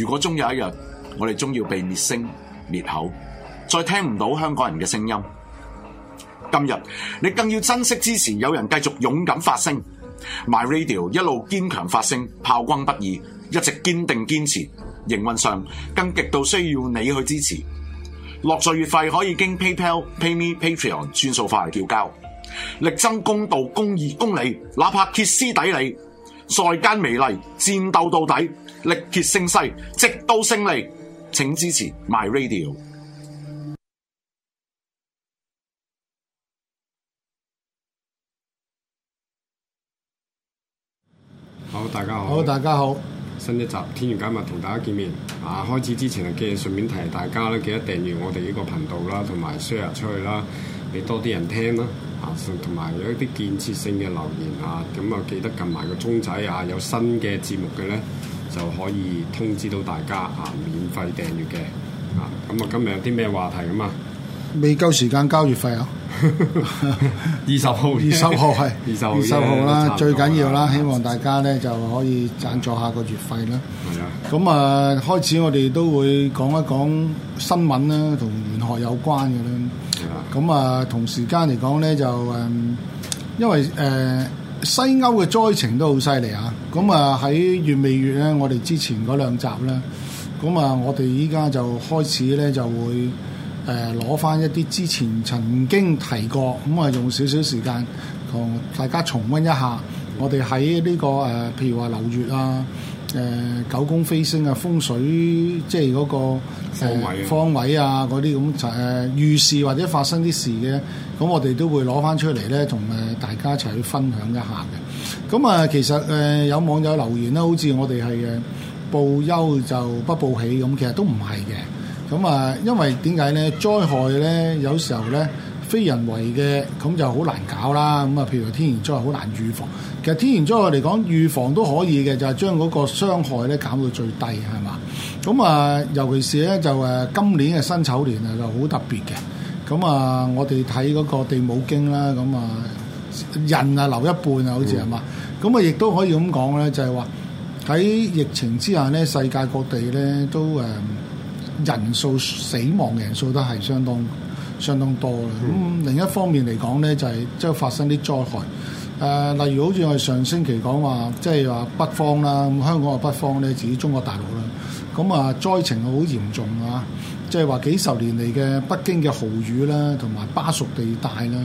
如果終有一日，我哋終要被滅聲滅口，再聽唔到香港人嘅聲音。今日你更要珍惜支持，有人繼續勇敢發聲，My Radio 一路堅強發聲，炮轟不已，一直堅定堅持。營運上更極度需要你去支持。落稅月費可以經 PayPal、PayMe、Patreon 轉數快嚟叫交，力爭公道、公義、公理，哪怕歇斯底里，在艱美嚟戰鬥到底。力竭聲勢，直到勝利。請支持 My Radio。好，大家好。好，大家好。新一集《天玄解密》同大家見面。啊，開始之前啊，記住順便提大家咧，記得訂閱我哋呢個頻道啦，同埋 share 出去啦，俾多啲人聽啦。啊，同埋有一啲建設性嘅留言啊，咁啊，啊，記得撳埋個鐘仔啊，有新嘅節目嘅咧。就可以通知到大家啊，免費訂閱嘅啊，咁啊，今日有啲咩話題咁啊？未夠時間交月費啊！二十號，二十號係二十號啦，最緊要啦，啊、希望大家咧就可以贊助下個月費啦。係啊，咁啊，開始我哋都會講一講新聞啦，同玄學有關嘅啦。係啊的，咁啊，同時間嚟講咧就誒、嗯，因為誒。呃西歐嘅災情都好犀利啊！咁啊喺月未月咧，我哋之前嗰兩集咧，咁啊我哋依家就開始咧就會誒攞翻一啲之前曾經提過，咁啊用少少時間同大家重溫一下，我哋喺呢個誒、呃，譬如話流月啊。誒、呃、九宮飛星啊，風水即係嗰、個、呃、威方位啊，嗰啲咁誒預示或者發生啲事嘅，咁我哋都會攞翻出嚟咧，同誒大家一齊去分享一下嘅。咁啊，其實誒、呃、有網友留言啦，好似我哋係誒報憂就不報喜咁，其實都唔係嘅。咁啊，因為點解咧？災害咧，有時候咧。非人為嘅，咁就好難搞啦。咁啊，譬如天然災害好難預防。其實天然災害嚟講，預防都可以嘅，就係、是、將嗰個傷害咧減到最低，係嘛？咁啊，尤其是咧就誒今年嘅辛丑年啊，就好特別嘅。咁啊，我哋睇嗰個地母經啦，咁啊人啊留一半啊，好似係嘛？咁啊、嗯，亦都可以咁講咧，就係話喺疫情之下咧，世界各地咧都誒人數死亡人數都係相當。相當多啦。咁、嗯、另一方面嚟講咧，就係即係發生啲災害。誒、呃，例如好似我哋上星期講話，即係話北方啦，咁香港嘅北方咧，指中國大陸啦。咁、嗯、啊，災情好嚴重啊！即係話幾十年嚟嘅北京嘅豪雨啦，同埋巴蜀地帶啦。誒、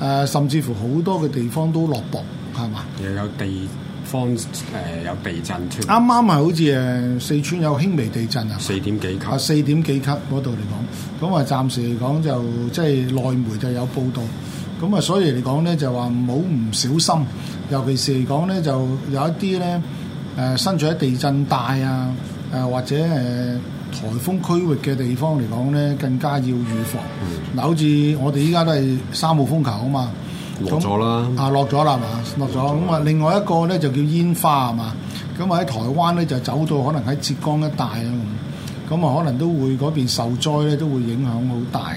呃，甚至乎好多嘅地方都落雹，係嘛？又有地方、呃、有地震，啱啱係好似誒四川有輕微地震啊，四點幾級啊，四點幾級嗰度嚟講，咁啊暫時嚟講就即係、就是、內媒就有報道，咁啊所以嚟講咧就話冇唔小心，尤其是嚟講咧就有一啲咧誒身處喺地震帶啊誒、呃、或者誒、呃、颱風區域嘅地方嚟講咧更加要預防。嗱，好似我哋依家都係三號風球啊嘛。落咗啦啊！落咗啦嘛，落咗咁啊。另外一個咧就叫煙花係嘛。咁啊喺台灣咧就走到可能喺浙江一帶啊。咁啊，可能都會嗰邊受災咧，都會影響好大嘅。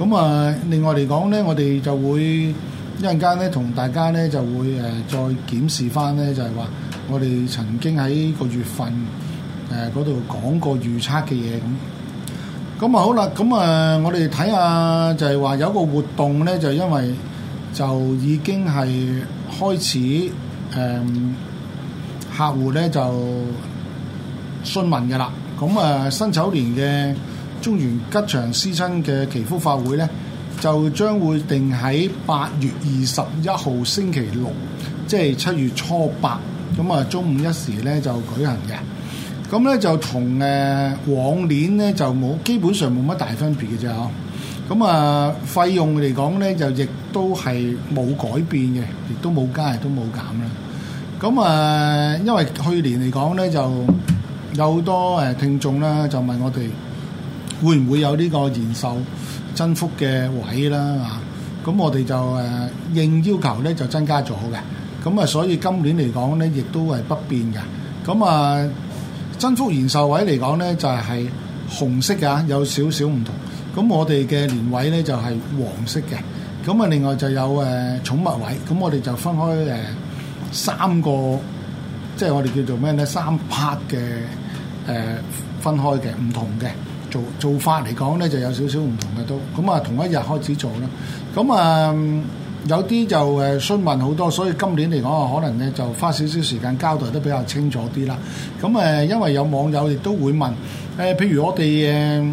咁啊，另外嚟講咧，我哋就會一陣間咧同大家咧就會誒再檢視翻咧，就係話我哋曾經喺個月份誒嗰度講過預測嘅嘢咁。咁啊好啦，咁啊我哋睇下就係話有個活動咧，就係因為。就已經係開始，誒、嗯、客戶咧就詢問嘅啦。咁、嗯、啊，辛丑年嘅中元吉祥思親嘅祈福法會咧，就將會定喺八月二十一號星期六，即係七月初八，咁、嗯、啊中午一時咧就舉行嘅。咁、嗯、咧就同誒、嗯、往年咧就冇基本上冇乜大分別嘅啫。咁啊，費用嚟講咧，就亦都係冇改變嘅，亦都冇加亦都冇減啦。咁啊，因為去年嚟講咧，就有好多誒聽眾咧就問我哋會唔會有呢個延壽增幅嘅位啦啊？咁我哋就誒應要求咧就增加咗嘅。咁啊，所以今年嚟講咧，亦都係不變嘅。咁啊，增幅延壽位嚟講咧就係紅色啊，有少少唔同。咁我哋嘅年位咧就係黃色嘅，咁啊另外就有誒寵物位，咁我哋就分開誒三個，即係我哋叫做咩咧三 part 嘅誒分開嘅，唔同嘅做做法嚟講咧就有少少唔同嘅都。咁啊同一日開始做啦，咁啊有啲就誒詢問好多，所以今年嚟講啊可能咧就花少少時間交代得比較清楚啲啦，咁誒因為有網友亦都會問，誒譬如我哋誒。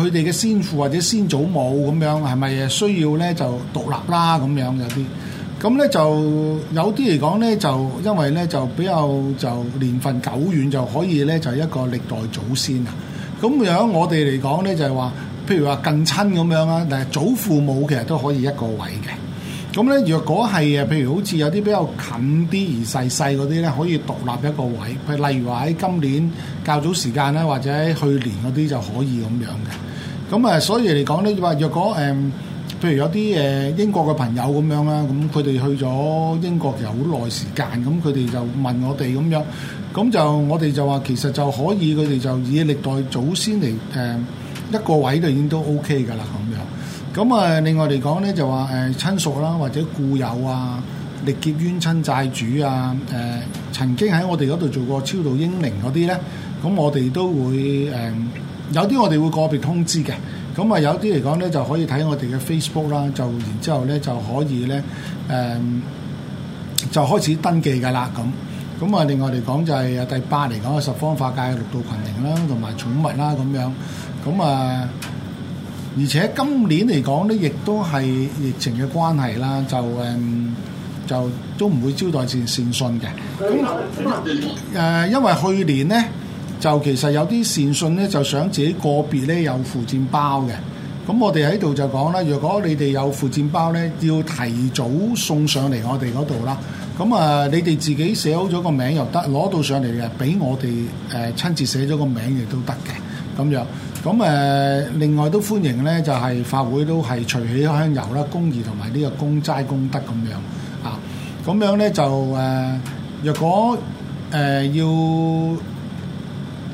佢哋嘅先父或者先祖母咁樣，係咪需要咧就獨立啦咁樣有啲，咁咧就有啲嚟講咧就因為咧就比較就年份久遠，就可以咧就一個歷代祖先啊。咁樣我哋嚟講咧就係話，譬如話近親咁樣啊，但係祖父母其實都可以一個位嘅。咁咧，若果係誒，譬如好似有啲比較近啲而細細嗰啲咧，可以獨立一個位。譬例如話喺今年較早時間咧，或者去年嗰啲就可以咁樣嘅。咁誒，所以嚟講咧，話若果誒、嗯，譬如有啲誒英國嘅朋友咁樣啦，咁佢哋去咗英國其實好耐時間，咁佢哋就問我哋咁樣，咁就我哋就話其實就可以，佢哋就以歷代祖先嚟誒一個位就已經都 O K 㗎啦，咁樣。咁啊，另外嚟講咧，就話誒親屬啦，或者故友啊，歷劫冤親債主啊，誒、呃、曾經喺我哋嗰度做過超度英靈嗰啲咧，咁、嗯、我哋都會誒、呃、有啲我哋會個別通知嘅。咁、嗯、啊，有啲嚟講咧，就可以睇我哋嘅 Facebook 啦，就然之後咧就可以咧誒、呃、就開始登記噶啦咁。咁啊、嗯，另外嚟講就係第八嚟講嘅十方法界嘅六道群靈啦，同埋寵物啦咁樣。咁、嗯、啊～、呃而且今年嚟講咧，亦都係疫情嘅關係啦，就誒就都唔會招待善善信嘅。咁誒，因為去年咧就其實有啲善信咧就想自己個別咧有附薦包嘅。咁我哋喺度就講啦，若果你哋有附薦包咧，要提早送上嚟我哋嗰度啦。咁啊，你哋自己寫好咗個名又得，攞到上嚟嘅，俾我哋誒親自寫咗個名亦都得嘅。咁樣。咁誒，另外都歡迎咧，就係法會都係隨起香油啦，供儀同埋呢個供齋功德咁樣啊，咁樣咧就誒，若果誒要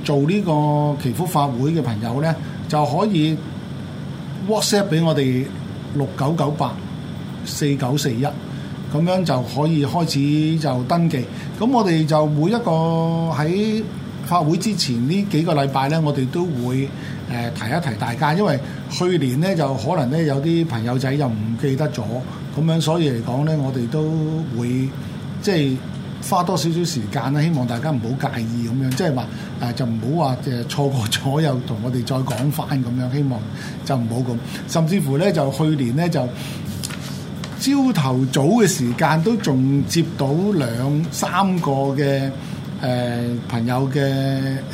做呢個祈福法會嘅朋友咧，就可以 WhatsApp 俾我哋六九九八四九四一，咁樣就可以開始就登記。咁我哋就每一個喺法會之前呢幾個禮拜咧，我哋都會。誒、呃、提一提大家，因為去年呢，就可能呢，有啲朋友仔又唔記得咗，咁樣所以嚟講呢，我哋都會即係花多少少時間啦。希望大家唔好介意咁樣，即係話誒就唔好話誒錯過咗又，同我哋再講翻咁樣，希望就唔好咁。甚至乎呢，就去年呢，就朝頭早嘅時間都仲接到兩三個嘅。誒、呃、朋友嘅誒、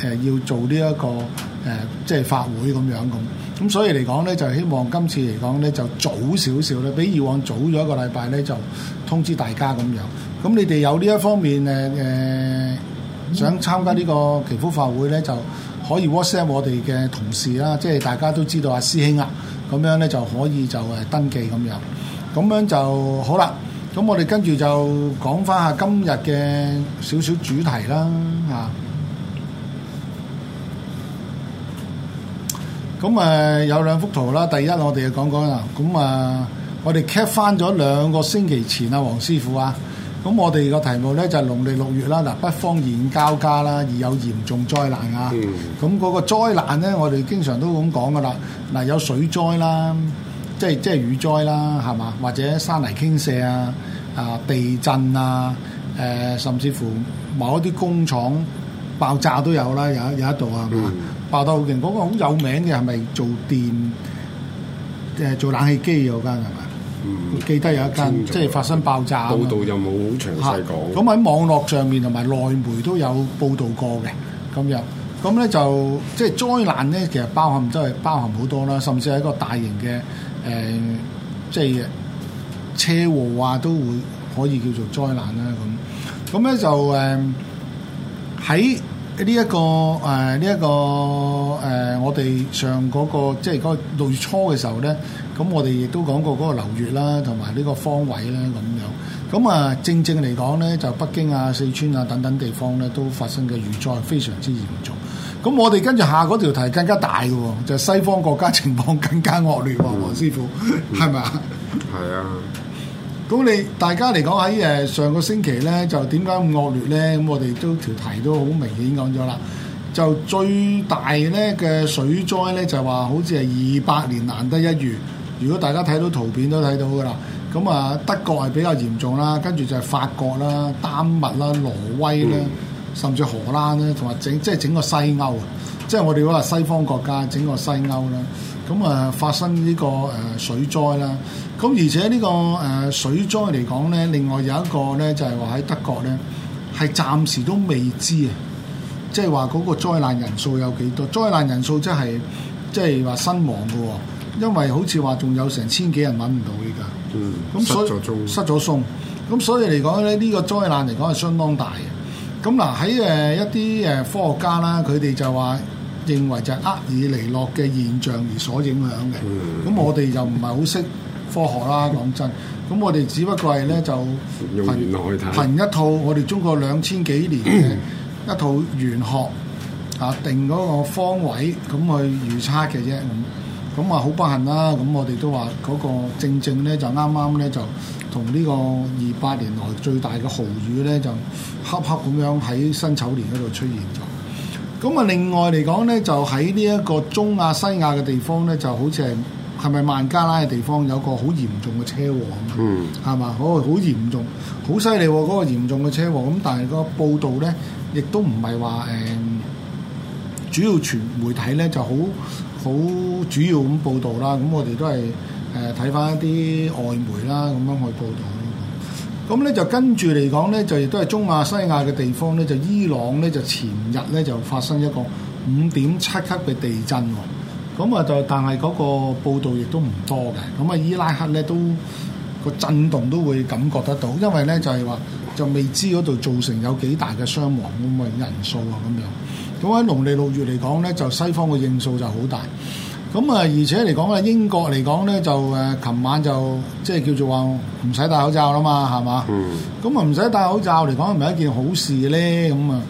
呃、要做呢、這、一個誒、呃、即係法會咁樣咁，咁所以嚟講咧就希望今次嚟講咧就早少少咧，比以往早咗一個禮拜咧就通知大家咁樣。咁你哋有呢一方面誒誒、呃、想參加呢個祈福法會咧，就可以 WhatsApp 我哋嘅同事啦，即係大家都知道阿師兄啊，咁樣咧就可以就誒登記咁樣，咁樣就好啦。咁我哋跟住就講翻下今日嘅少少主題啦，嚇。咁誒有兩幅圖啦，第一我哋就講講啦。咁誒，我哋 cap 翻咗兩個星期前啊，黃師傅啊。咁我哋個題目咧就係農曆六月啦，嗱，北方嚴交加啦，而有嚴重災難啊。咁嗰個災難咧，我哋經常都咁講噶啦。嗱，有水災啦。即係即係雨災啦，係嘛？或者山泥傾瀉啊、啊地震啊、誒、呃、甚至乎某一啲工廠爆炸都有啦，有有一度係、嗯、爆得好勁，嗰、嗰個好有名嘅係咪做電誒、呃、做冷氣機嗰間啊？嗯，記得有一間即係發生爆炸。報道又有冇好詳細講？咁喺網絡上面同埋內媒都有報導過嘅今日。咁咧就，就，就即係災難咧，其實包含真係包含好多啦，甚至係一個大，大型嘅。誒、呃，即係車禍啊，都會可以叫做災難啦、啊、咁。咁咧就誒喺呢一個誒呢一個誒、呃，我哋上嗰、嗰個即係嗰六月初嘅時候咧，咁我哋亦都講過嗰個流月啦、啊，同埋呢個方位咧咁樣。咁啊正正嚟講咧，就北京啊、四川啊等等地方咧，都發生嘅雨災非常之嚴重。咁我哋跟住下嗰條題更加大嘅喎，就係、西方國家情況更加惡劣喎，黃、嗯、師傅，係咪、嗯、啊？係啊！咁你大家嚟講喺誒上個星期咧，就點解咁惡劣咧？咁我哋都條題都好明顯講咗啦，就最大咧嘅水災咧就話好似係二百年難得一遇。如果大家睇到圖片都睇到嘅啦，咁啊德國係比較嚴重啦，跟住就係法國啦、丹麥啦、挪威啦。嗯甚至荷蘭咧，同埋整即係整個西歐啊，即係我哋嗰個西方國家整個西歐啦，咁啊發生呢個誒水災啦，咁而且呢個誒水災嚟講咧，另外有一個咧就係話喺德國咧，係暫時都未知啊，即係話嗰個災難人數有幾多，災難人數即係即係話身亡嘅喎，因為好似話仲有成千幾人揾唔到依家，嗯，咁所以失咗蹤。咁所以嚟講咧呢、呢個災難嚟講係相當大嘅。咁嗱喺誒一啲誒科學家啦，佢哋就話認為就係厄爾尼諾嘅現象而所影響嘅。咁、嗯、我哋就唔係好識科學啦，講真。咁我哋只不過係咧就憑憑一套我哋中國兩千幾年嘅一套玄學嚇 定嗰個方位咁去預測嘅啫。咁啊，好不幸啦！咁我哋都話嗰個正正咧，就啱啱咧，就同呢個二八年來最大嘅豪雨咧，就恰恰咁樣喺辛丑年嗰度出現咗。咁啊，另外嚟講咧，就喺呢一個中亞、西亞嘅地方咧，就好似係係咪孟加拉嘅地方有個好嚴重嘅車禍、嗯、啊、那個車禍？嗯，係嘛？嗰個好嚴重，好犀利嗰個嚴重嘅車禍。咁但係個報道咧，亦都唔係話誒，主要傳媒體咧就好。好主要咁報道啦，咁我哋都係誒睇翻一啲外媒啦，咁樣去報道。咁咧就跟住嚟講咧，就亦都係中亞、西亞嘅地方咧，就伊朗咧就前日咧就發生一個五點七級嘅地震。咁啊就，但係嗰個報道亦都唔多嘅。咁啊伊拉克咧都個震動都會感覺得到，因為咧就係話就未知嗰度造成有幾大嘅傷亡咁啊人數啊咁樣。咁喺農曆六月嚟講咧，就西方嘅應數就好大。咁啊，而且嚟講咧，英國嚟講咧，就誒，琴晚就即係、就是、叫做話唔使戴口罩啦嘛，係嘛？嗯。咁啊，唔使戴口罩嚟講，係咪一件好事咧？咁啊，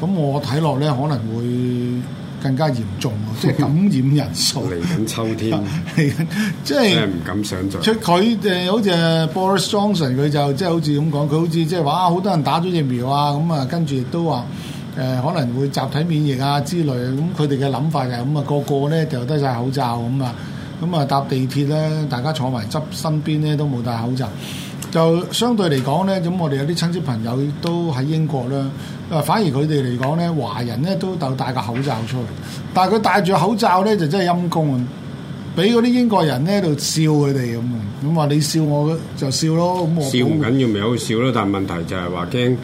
咁我睇落咧，可能會更加嚴重，即係 感染人數嚟緊 秋天，即係唔敢想象。即係佢哋好似 Boris Johnson，佢就即係好似咁講，佢好似即係話，好，好，好多人打咗疫苗啊，咁啊，跟住亦都話。誒，可能會集體免疫啊之類，咁佢哋嘅諗法就係咁啊，個個咧就掉低晒口罩咁啊。咁啊，搭地鐵咧，大家坐埋側身邊咧都冇戴口罩，就相對嚟講咧，咁我哋有啲親戚朋友都喺英國啦。啊，反而佢哋嚟講咧，華人咧都都戴個口罩出去。但係佢戴住口罩咧就真係陰公啊，俾嗰啲英國人咧喺度笑佢哋咁，咁話你笑我就笑咯，我笑唔緊要咪好笑咯，但係問題就係話驚。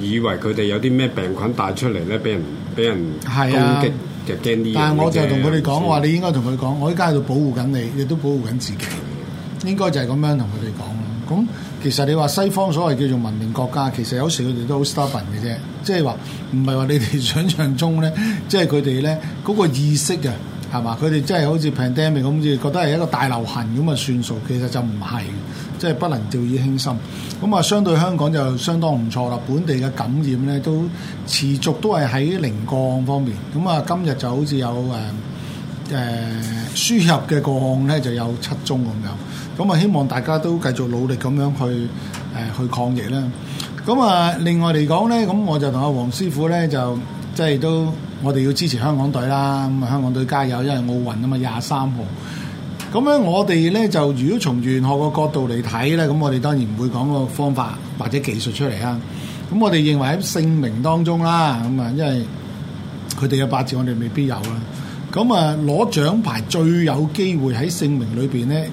以為佢哋有啲咩病菌帶出嚟咧，俾人俾人攻擊，啊、就驚呢樣嘢。但係我就同佢哋講話，啊、你應該同佢講，我依家喺度保護緊你，亦都保護緊自己。應該就係咁樣同佢哋講咯。咁其實你話西方所謂叫做文明國家，其實有時佢哋都好 stubborn 嘅啫。即係話唔係話你哋想象中咧，即係佢哋咧嗰個意識啊，係嘛？佢哋真係好似 pandemic 咁，即係覺得係一個大流行咁啊算數。其實就唔係。即係不能掉以輕心，咁啊相對香港就相當唔錯啦。本地嘅感染咧都持續都係喺零個案方面，咁啊今日就好似有誒誒輸入嘅個案咧就有七宗咁樣，咁啊希望大家都繼續努力咁樣去誒、呃、去抗疫啦。咁啊另外嚟講咧，咁我就同阿黃師傅咧就即係都我哋要支持香港隊啦，咁啊香港隊加油，因為奧運啊嘛廿三號。咁樣，我哋咧就如果從玄學個角度嚟睇咧，咁我哋當然唔會講個方法或者技術出嚟啊。咁我哋認為喺姓名當中啦，咁啊，因為佢哋嘅八字我哋未必有啦。咁啊，攞獎牌最有機會喺姓名裏邊咧，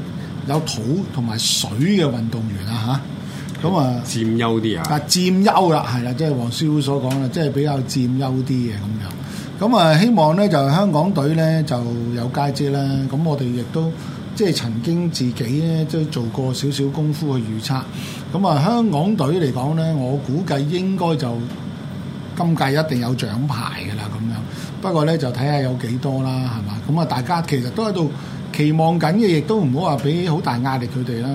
有土同埋水嘅運動員啊吓，咁啊，佔優啲啊？啊，佔優啦，係啦，即係黃師傅所講啦，即係比較佔優啲嘅咁樣。咁啊，希望咧就香港隊咧就有佳績啦。咁我哋亦都即係曾經自己咧都做過少少功夫去預測。咁啊，香港隊嚟講咧，我估計應該就今屆一定有獎牌嘅啦。咁樣不過咧，就睇下有幾多啦，係嘛？咁啊，大家其實都喺度期望緊嘅，亦都唔好話俾好大壓力佢哋啦。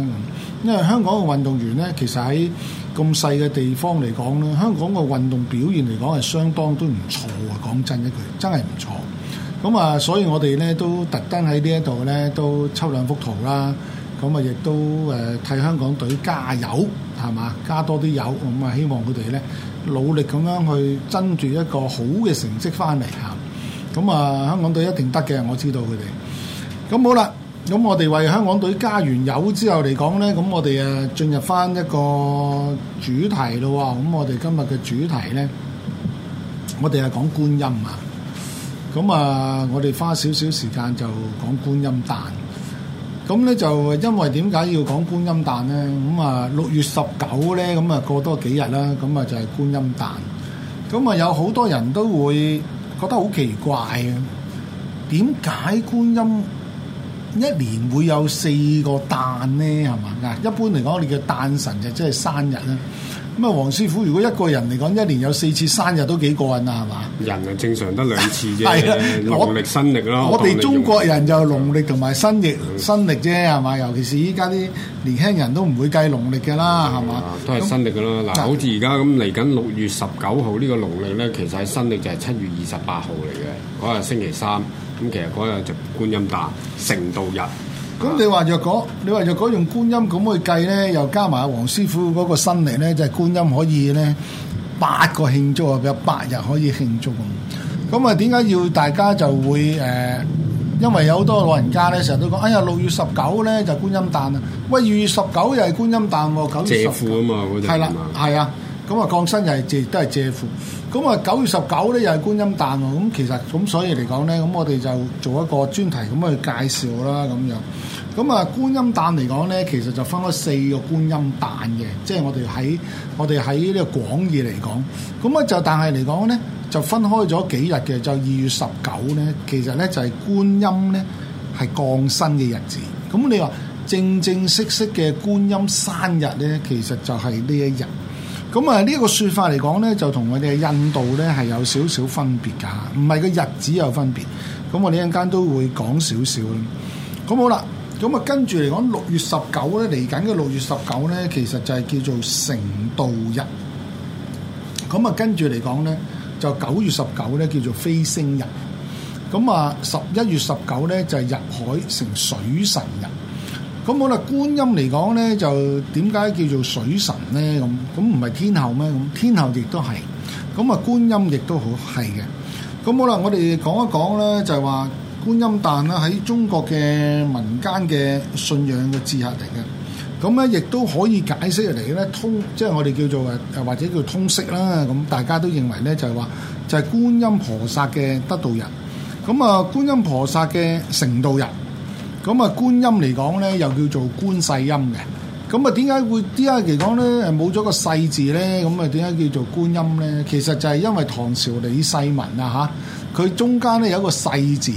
因為香港嘅運動員呢，其實喺咁細嘅地方嚟講呢，香港嘅運動表現嚟講係相當都唔錯喎。講真一句，真係唔錯。咁啊，所以我哋呢都特登喺呢一度呢，都抽兩幅圖啦。咁、嗯、啊，亦都誒、呃、替香港隊加油，係嘛？加多啲油。咁、嗯、啊，希望佢哋呢，努力咁樣去爭住一個好嘅成績翻嚟嚇。咁、嗯、啊、嗯，香港隊一定得嘅，我知道佢哋。咁好啦。咁我哋為香港隊加完油之後嚟講呢，咁我哋誒進入翻一個主題咯喎。咁我哋今日嘅主題呢，我哋係講觀音啊。咁啊，我哋花少少時間就講觀音誕。咁呢，就因為點解要講觀音誕呢？咁啊六月十九呢，咁啊過多幾日啦。咁啊就係觀音誕。咁啊有好多人都會覺得好奇怪嘅，點解觀音？一年會有四個誕咧，係嘛？嗱，一般嚟講，我哋叫誕辰就即係生日啦。咁啊，黃師傅，如果一個人嚟講，一年有四次生日都幾過癮啦，係嘛？人 啊，正常得兩次啫。係啦，農曆、新曆咯。我哋中國人就農曆同埋新曆、嗯、新曆啫，係嘛？尤其是依家啲年輕人都唔會計農曆㗎啦，係嘛、嗯？吧都係新曆㗎啦。嗱那，好似而家咁嚟緊六月十九號呢個農曆咧，其實係新曆就係七月二十八號嚟嘅，嗰日星期三。咁其實嗰日就觀音誕，成道日。咁你話若果，你話若果用觀音咁去計咧，又加埋阿黃師傅嗰個生年咧，就係、是、觀音可以咧八個慶祝啊，有八日可以慶祝啊。咁啊，點解要大家就會誒、呃？因為有好多老人家咧，成、哎、日都講哎呀，六月十九咧就是、觀音誕啊，喂，二月十九又係觀音誕喎，九月十。謝父啊嘛，嗰陣。係啦，係啊，咁啊降生又係謝，都係謝父。咁啊，九月十九咧又係觀音誕。咁其實咁所以嚟講咧，咁我哋就做一個專題咁去介紹啦，咁樣。咁啊，觀音誕嚟講咧，其實就分開四個觀音誕嘅，即係我哋喺我哋喺呢個廣義嚟講。咁啊，就但係嚟講咧，就分開咗幾日嘅，就二月十九咧，其實咧就係觀音咧係降生嘅日子。咁你話正正式式嘅觀音生日咧，其實就係呢一日。咁啊，呢個說法嚟講咧，就同我哋印度咧係有少少分別㗎，唔係個日子有分別，咁我哋一陣間都會講少少。咁好啦，咁啊跟住嚟講六月十九咧嚟緊嘅六月十九咧，其實就係叫做成道日。咁啊跟住嚟講咧，就九月十九咧叫做飛星日。咁啊十一月十九咧就係、是、入海成水神日。咁好啦，觀音嚟講咧就點解叫做水神？咧咁，咁唔係天后咩？咁天后亦都係，咁啊觀音亦都好係嘅。咁好啦，我哋講一講咧，就係話觀音誕啦，喺中國嘅民間嘅信仰嘅字客嚟嘅。咁咧亦都可以解釋嚟咧通，即係我哋叫做誒，或者叫通識啦。咁大家都認為咧，就係話就係觀音菩薩嘅得道人。咁啊觀音菩薩嘅成道人。咁啊觀音嚟講咧，又叫做觀世音嘅。咁啊，點解會依家嚟講咧，冇咗個世字咧？咁啊，點解叫做觀音咧？其實就係因為唐朝李世民啊嚇，佢中間咧有一個世字，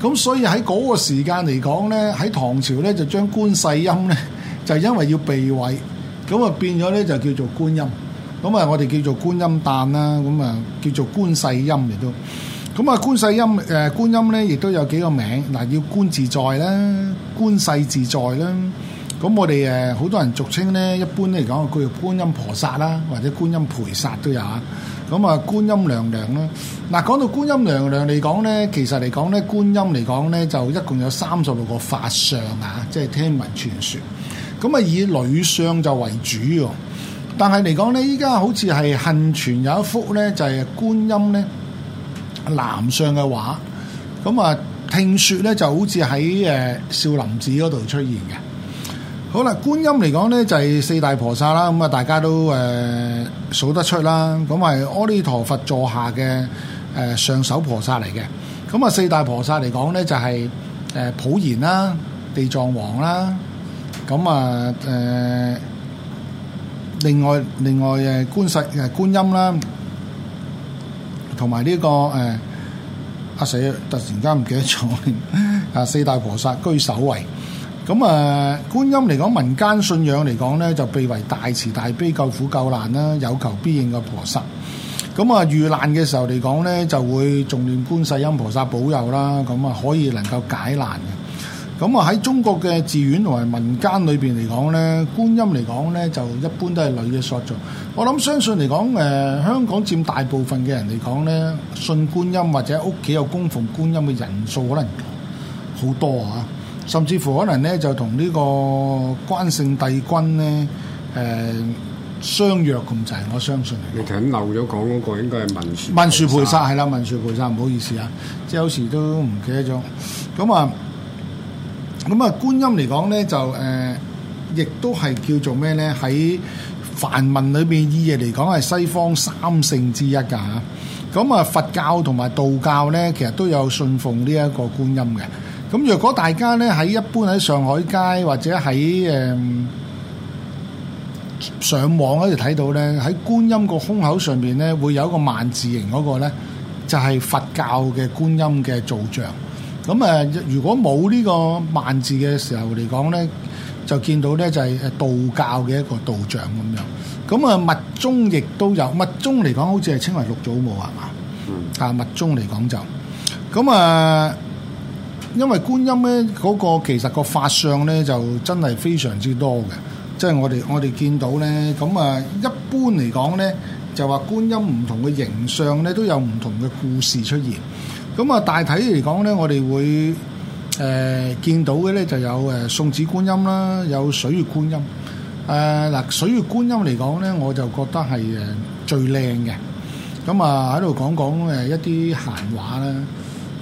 咁所以喺嗰個時間嚟講咧，喺唐朝咧就將觀世音咧就因為要避諱，咁啊變咗咧就叫做觀音，咁啊我哋叫做觀音誕啦，咁啊叫做觀世音亦都，咁啊觀世音誒觀音咧亦都有幾個名，嗱要觀自在啦，觀世自在啦。咁我哋誒好多人俗稱咧，一般嚟講，佢叫觀音菩薩啦，或者觀音菩薩都有啊。咁啊，觀音娘娘啦。嗱，講到觀音娘娘嚟講咧，其實嚟講咧，觀音嚟講咧，就一共有三十六個法相啊，即係聽聞傳説。咁啊，以女相就為主。但係嚟講咧，依家好似係幸存有一幅咧，就係觀音咧男相嘅畫。咁啊，聽説咧就好似喺誒少林寺嗰度出現嘅。好啦，觀音嚟講咧就係四大菩薩啦，咁啊大家都誒數得出啦，咁係阿彌陀佛座下嘅誒上首菩薩嚟嘅。咁啊四大菩薩嚟講咧就係誒普賢啦、地藏王啦，咁啊誒另外另外誒觀世誒觀音啦，同埋呢個誒阿死突然間唔記得咗啊四大菩薩居首位。咁啊，觀音嚟講，民間信仰嚟講咧，就被為大慈大悲救苦救難啦，有求必應嘅菩薩。咁啊，遇難嘅時候嚟講咧，就會重念觀世音菩薩保佑啦，咁啊可以能夠解難嘅。咁啊喺中國嘅寺院同埋民間裏邊嚟講咧，觀音嚟講咧就一般都係女嘅塑造。我諗相信嚟講，誒香港佔大部分嘅人嚟講咧，信觀音或者屋企有供奉觀音嘅人數可能好多啊。甚至乎可能咧，就同呢個關聖帝君咧，誒相約咁滯，我相信你。你頂漏咗講嗰個應該係文殊文殊菩薩，係啦，文殊菩薩，唔好意思啊，即係有時都唔記得咗。咁啊，咁啊，觀音嚟講咧，就誒，亦都係叫做咩咧？喺梵文裏邊意義嚟講，係西方三聖之一㗎。咁啊，佛教同埋道教咧，其實都有信奉呢一個觀音嘅。咁若果大家咧，喺一般喺上海街或者喺誒、呃、上網嗰度睇到咧，喺觀音個胸口上面咧會有一個萬字形嗰個咧，就係、是、佛教嘅觀音嘅造像。咁、呃、啊，如果冇呢個萬字嘅時候嚟講咧，就見到咧就係誒道教嘅一個道像咁樣。咁啊，密、呃、宗亦都有，密宗嚟講好似係稱為綠度母係嘛、嗯？嗯。但密宗嚟講就咁啊。因為觀音咧嗰個其實個法相咧就真係非常之多嘅，即係我哋我哋見到咧咁啊，一般嚟講咧就話觀音唔同嘅形象咧都有唔同嘅故事出現。咁啊，大體嚟講咧，我哋會誒見到嘅咧就有誒送子觀音啦，有水月觀音。誒嗱，水月觀音嚟講咧，我就覺得係誒最靚嘅。咁啊，喺度講講誒一啲閒話啦。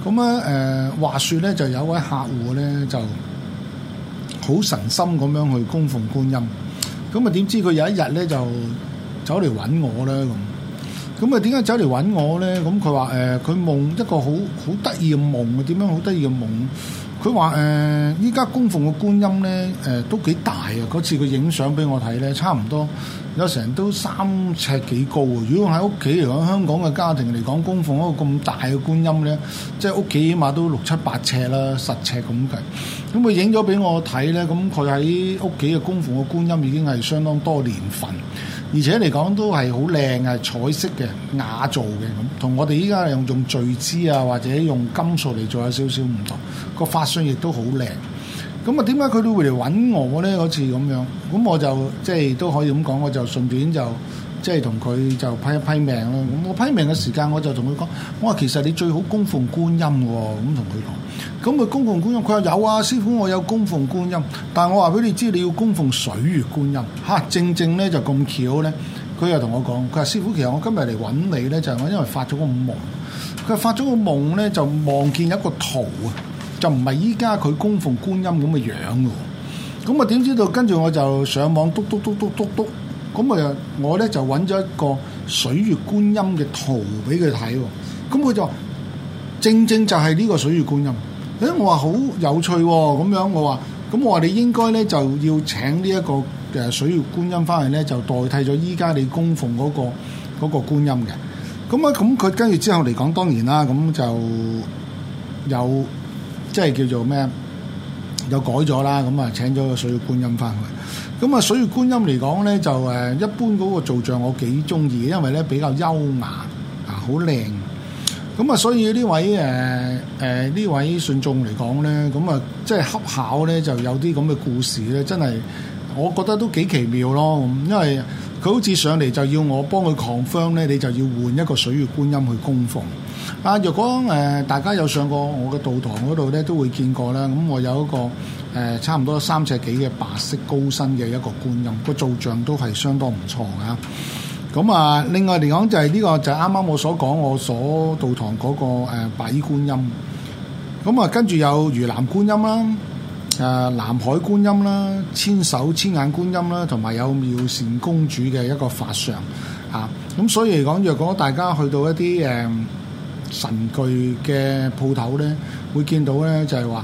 咁啊誒話説咧，就有位客戶咧就好神心咁樣去供奉觀音。咁啊點知佢有一日咧就走嚟揾我咧咁。咁啊點解走嚟揾我咧？咁佢話誒，佢夢一個好好得意嘅夢啊！點樣好得意嘅夢？佢話誒，依家、呃、供奉嘅觀音咧，誒、呃、都幾大啊！嗰次佢影相俾我睇咧，差唔多有成都三尺幾高喎、啊。如果喺屋企嚟講，香港嘅家庭嚟講，供奉一個咁大嘅觀音咧，即係屋企起碼都六七八尺啦、啊，十尺咁計。咁佢影咗俾我睇咧，咁佢喺屋企嘅供奉嘅觀音已經係相當多年份。而且嚟講都係好靚嘅，彩色嘅、瓦造嘅咁，同我哋依家用用聚資啊或者用金屬嚟做有少少唔同，個發信亦都好靚。咁啊，點解佢哋會嚟揾我呢？嗰次咁樣，咁我就即係都可以咁講，我就順便就。即係同佢就批一批命咯。我批命嘅時間我，我就同佢講：我話其實你最好供奉觀音喎、哦。咁同佢講，咁佢供奉觀音，佢話有啊，師傅我有供奉觀音。但係我話俾你知，你要供奉水月觀音。嚇、啊，正正咧就咁巧咧，佢又同我講：佢話師傅，其實我今日嚟揾你咧，就我、係、因為發咗個夢。佢發咗個夢咧，就望見一個圖啊，就唔係依家佢供奉觀音咁嘅樣喎。咁啊點知道？跟住我就上網篤篤篤篤篤篤。嘟嘟嘟嘟嘟嘟嘟嘟咁啊！我咧就揾咗一個水月觀音嘅圖俾佢睇，咁佢就正正就係呢個水月觀音。誒、哎，我話好有趣喎、哦！咁樣我話，咁我話你應該咧就要請呢一個誒水月觀音翻嚟咧，就代替咗依家你供奉嗰個嗰個觀音嘅。咁啊，咁佢跟住之後嚟講，當然啦，咁就有即係叫做咩啊？有改咗啦，咁啊請咗個水月觀音翻嚟。咁啊，所以水月觀音嚟講咧，就誒一般嗰個造像我幾中意，因為咧比較優雅啊，好靚。咁啊，所以呢位誒誒呢位信眾嚟講咧，咁啊即係恰巧咧就有啲咁嘅故事咧，真係我覺得都幾奇妙咯。因為佢好似上嚟就要我幫佢 confirm 咧，你就要換一個水月觀音去供奉。啊，若果誒大家有上過我嘅道堂嗰度咧，都會見過啦。咁我有一個。誒差唔多三尺幾嘅白色高身嘅一個觀音，個造像都係相當唔錯嘅。咁啊，另外嚟講就係呢個就係啱啱我所講我所道堂嗰個誒白衣觀音。咁啊，跟住有魚籃觀音啦，誒南海觀音啦，千手千眼觀音啦，同埋有妙善公主嘅一個法相啊。咁所以嚟講，若果大家去到一啲誒神具嘅鋪頭咧，會見到咧就係話。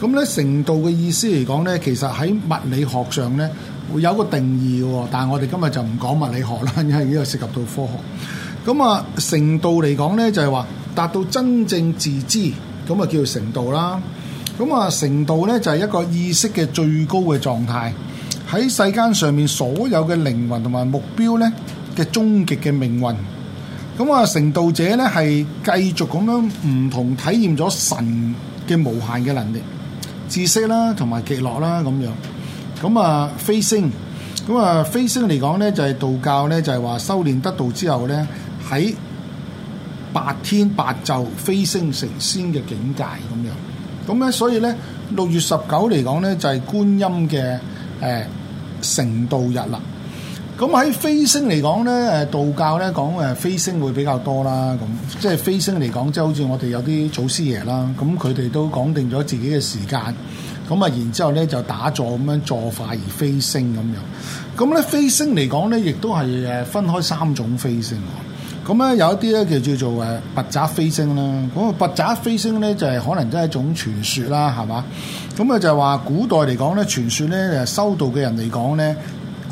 咁咧成道嘅意思嚟講咧，其實喺物理學上咧會有個定義嘅喎，但係我哋今日就唔講物理學啦，因為呢個涉及到科學。咁啊，成道嚟講咧就係話達到真正自知，咁啊叫做成道啦。咁啊，成道咧就係一個意識嘅最高嘅狀態，喺世間上面所有嘅靈魂同埋目標咧嘅終極嘅命運。咁啊，成道者咧係繼續咁樣唔同體驗咗神嘅無限嘅能力。知識啦，同埋極樂啦咁樣，咁啊飛升，咁啊飛升嚟講咧就係、是、道教咧就係話修煉得道之後咧喺白天白晝飛升成仙嘅境界咁樣，咁咧所以咧六月十九嚟講咧就係、是、觀音嘅誒、呃、成道日啦。咁喺飛升嚟講咧，誒道教咧講誒飛升會比較多啦，咁即係飛升嚟講，即係好似我哋有啲祖師爺啦，咁佢哋都講定咗自己嘅時間，咁啊然之後咧就打坐咁樣坐化而飛升咁樣。咁咧飛升嚟講咧，亦都係誒分開三種飛升。咁咧有一啲咧就叫做誒拔宅飛升啦。咁啊拔宅飛升咧就係可能真係一種傳説啦，係嘛？咁啊就係話古代嚟講咧，傳説咧誒修道嘅人嚟講咧。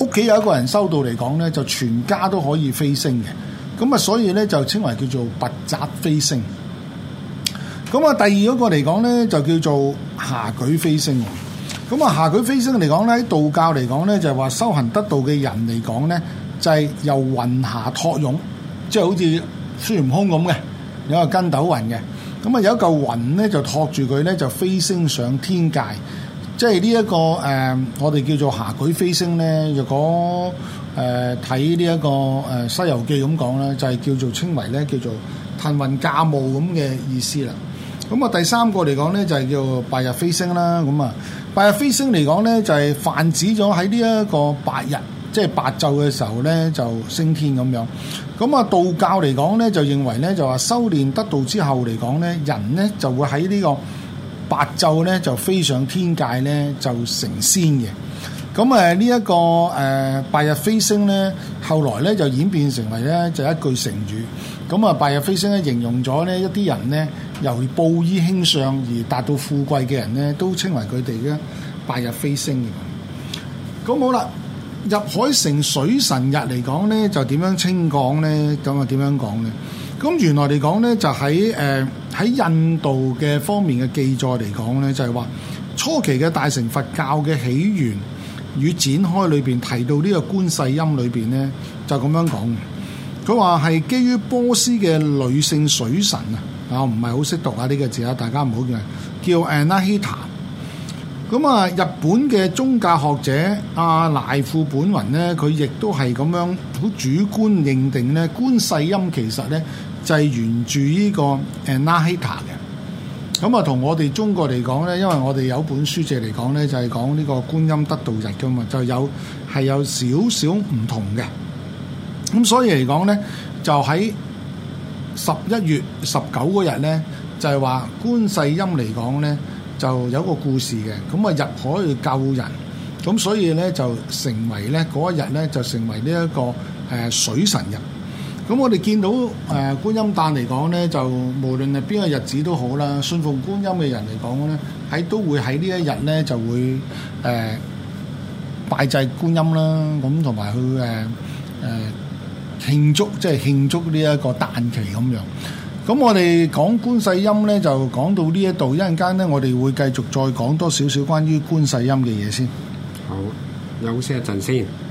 屋企有一個人修道嚟講呢就全家都可以飛升嘅。咁啊，所以呢就稱為叫做拔宅飛升。咁啊，第二嗰個嚟講呢，就叫做霞舉飛升。咁啊，霞舉飛升嚟講呢，喺道教嚟講呢，就係話修行得道嘅人嚟講呢，就係由雲霞托湧，即係好似孫悟空咁嘅，有個筋斗雲嘅。咁啊，有一嚿雲呢，雲就托住佢呢，就飛升上天界。即係呢一個誒、呃，我哋叫做霞舉飛升咧。若果誒睇呢一個誒、呃《西遊記》咁講咧，就係、是、叫做稱為咧叫做騰雲駕霧咁嘅意思啦。咁、嗯、啊第三個嚟講咧，就係叫做白日飛升啦。咁、嗯、啊白日飛升嚟講咧，就係、是、泛指咗喺呢一個白日，即係白晝嘅時候咧，就升天咁樣。咁、嗯、啊道教嚟講咧，就認為咧就話修煉得道之後嚟講咧，人咧就會喺呢、這個。白晝咧就飛上天界咧就成仙嘅，咁誒呢一個誒白、呃、日飛升咧，後來咧就演變成為咧就一句成語，咁啊白日飛升咧形容咗咧一啲人咧由布衣輕上而達到富貴嘅人咧都稱為佢哋嘅白日飛升。嘅、嗯。咁好啦，入海成水神日嚟講咧就點樣稱講咧？咁啊點樣講咧？咁原來嚟講咧就喺誒。呃喺印度嘅方面嘅記載嚟講咧，就係、是、話初期嘅大乘佛教嘅起源與展開裏邊提到呢個觀世音裏邊咧，就咁、是、樣講嘅。佢話係基於波斯嘅女性水神啊，啊唔係好識讀啊呢、這個字啊，大家唔好叫，叫 Anahita。咁、嗯、啊，日本嘅宗教學者阿賴、啊、富本宏咧，佢亦都係咁樣好主觀認定咧，觀世音其實咧。就係沿住呢個誒拉希塔嘅，咁啊同我哋中國嚟講咧，因為我哋有本書籍嚟講咧，就係講呢個觀音得道日噶嘛，就有係有少少唔同嘅。咁所以嚟講咧，就喺十一月十九嗰日咧，就係話觀世音嚟講咧，就有個故事嘅。咁啊入海去救人，咁所以咧就成為咧嗰一日咧就成為呢一個誒水神日。咁我哋見到誒、呃、觀音誕嚟講咧，就無論係邊個日子都好啦，信奉觀音嘅人嚟講咧，喺都會喺呢一日咧就會誒、呃、拜祭觀音啦，咁同埋去誒誒、呃呃、慶祝，即係慶祝呢一個誕期咁樣。咁我哋講觀世音咧，就講到呢一度，一陣間咧，我哋會繼續再講多少少關於觀世音嘅嘢先。好，休息一陣先。